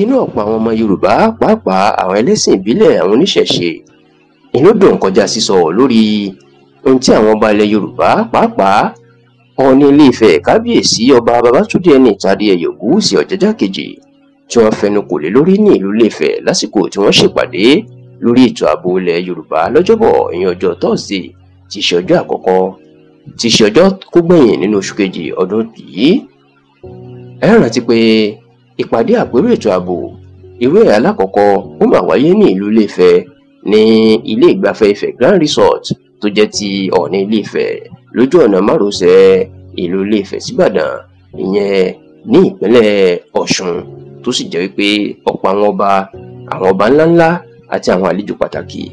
inú ọ̀pọ̀ àwọn ọmọ yorùbá pàápàá àwọn ẹlẹ́sìn ìbílẹ̀ àwọn oníṣẹ̀ṣe inú dùn kọjá sísọ lórí ohun tí àwọn ọba ilẹ̀ yorùbá pàápàá ọọ̀ni ilé ifẹ̀ kábíyèsí ọba babátúndé ẹni ìtàdé ẹ̀yọ̀ gúúsì ọ̀jẹ́já kejì tí wọ́n fẹnu kò lé lórí ní ìlú ilé ifẹ̀ lásìkò tí wọ́n ṣèpàdé lórí ètò ààbò ilẹ̀ yorùbá lọ́jọ́bọ̀ ìyẹn ọjọ́ tọ́sídẹ̀ẹ́ tí ṣe ọjọ́ àkọ́kọ́ tí ṣe ọjọ́ kó gbẹ̀yìn nínú oṣù kejì ọdún yìí ẹ rántí pé ìpàdé àpérò ètò ààbò irú ẹ̀ alákọ̀ọ́kọ́ ó mà wáyé ní ìlú Ilé-Ifẹ̀ ní ilé ìgbafẹ́ Ifẹ̀ Grand Resort tó jẹ́ ti ọ̀nà Ilé-Ifẹ̀ lójú ọ̀nà márosẹ̀ ìlú Ilé-Ifẹ̀ síbàdàn ìyẹn ní ìpínlẹ̀ Ọ̀ṣun tó sì jẹ́ wípé ọ̀pọ̀ àwọn ọba àwọn ọba ńláńlá àti àwọn àlejò pàtàkì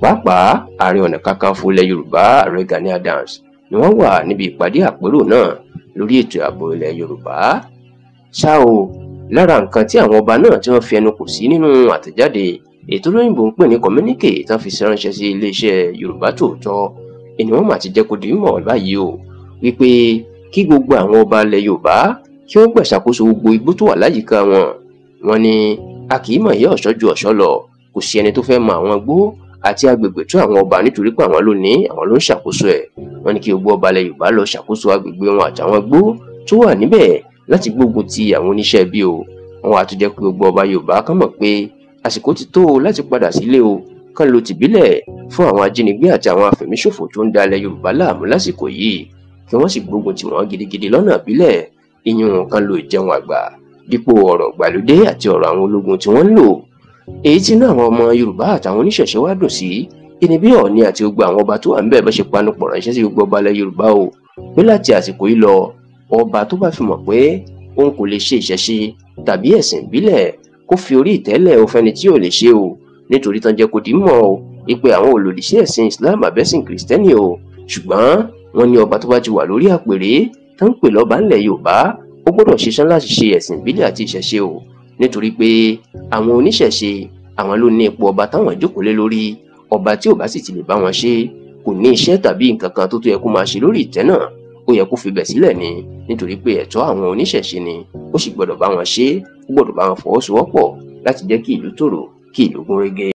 pàápàá ààrẹ ọ̀nà kakanfò ilẹ̀ Yorùbá ààrẹ Gani Adams ni wọ́n wà níbi ìpàdé àpérò náà lórí ètò ààbò ilẹ̀ Yorùbá ṣá o lára nǹkan tí àwọn ọba náà tí wọ́n fi ẹnu kò sí nínú àtẹ̀jáde ètò olóyìnbó ń pè ní communique tán fi ṣe ránṣẹ́ sí iléeṣẹ́ yorùbá tòótọ́ ènìwọ́n mà ti jẹ́ kó di mọ̀ báyìí o wípé kí gbogbo àwọn ọba ilẹ̀ yorùbá kí wọ́n gbàṣàkóso gbogbo igbó tó wà láyìíká wọn wọn ni a kì í mọ̀ ìyá ọ̀ṣọ́ ju ọ̀ṣọ́ lọ kò sí ẹni tó fẹ́ mọ àwọn igbó àti agbègbè tó àwọn ọba nítorí pé àwọn ló ní àwọn ló ń ṣàkóso ẹ̀ wọn ni kí gbogbo ọba ilẹ̀ yorùbá lọ ṣàkóso agbègbè wọn àtàwọn igbó tó wà níbẹ̀ láti gbógun ti àwọn oníṣẹ́ ibi o wọn wá tún jẹ́ pé gbogbo ọba Yorùbá kàn mọ̀ pé àsìkò ti tó o láti padà sílé o kàn lo tìbílẹ̀ fún àwọn ajínigbé àti àwọn afẹ̀míṣòfò tó ń da ilẹ̀ Yorùbá láàmú lásìkò yìí kí wọ́n sì gbógun tì wọ́n gidigidi lọ́nà ìbílẹ̀ iyún kàn lo ìjẹun àgbà dípò ọ̀rọ̀ ìgbàlódé àti ọ̀rọ̀ àwọn ológun tí wọ́n ń lò èyí tí inú àwọn ọmọ Yorùbá àtàwọn oníṣẹ̀ṣe wá dùn sí ìní bí Ọọ̀ni àti gbogbo àwọn ọba tó wà ń bẹ̀ bá ṣe panupọ̀ ránṣẹ́ sí gbogbo ọba ilẹ̀ Yorùbá o pé láti àsìkò yìí lọ ọba tó bá fi mọ̀ pé òun kò lè ṣe ìṣẹ̀ṣe tàbí ẹ̀sìn ìbílẹ̀ kó fi orí ìtẹ́lẹ̀ òfẹ́ni tí ò lè ṣe o nítorí tán jẹ́ kó dì í mọ̀ o ìpè àwọn olòdì sí ẹ̀sìn Islam àbẹ́sìn kìrìsìtẹ́nì o ṣùgbọ́n wọ́n ní ọba tó bá ti wà lórí àpèrè tó ń pè lọ́ba ńlẹ̀ Yorùbá ó gbọ́dọ̀ ṣiṣẹ́ láti ṣe ẹ̀sìn ìbílẹ̀ àti ìṣẹ̀ṣe o nítorí pé àwọn oníṣẹ̀ṣe àwọn ló ní ipò ọba táwọn ìjókòó lé lórí ọba tí ò bá sì ti lè bá wọn ṣe kò ní iṣẹ́ tàbí nǹkan kan tó tó yẹ kó máa ṣe lórí ìtẹ́ náà ó yẹ kó fibẹ̀ sílẹ̀ ni nítorí pé ẹ̀tọ́ àwọn oníṣẹ̀ṣe ni ó sì gbọ́dọ̀ bá wọn ṣe é ó gbọ́dọ̀ bá wọn fọwọ́sowọ́pọ̀ láti jẹ́ kí ìlú tòrò kí ìlú gúnrégé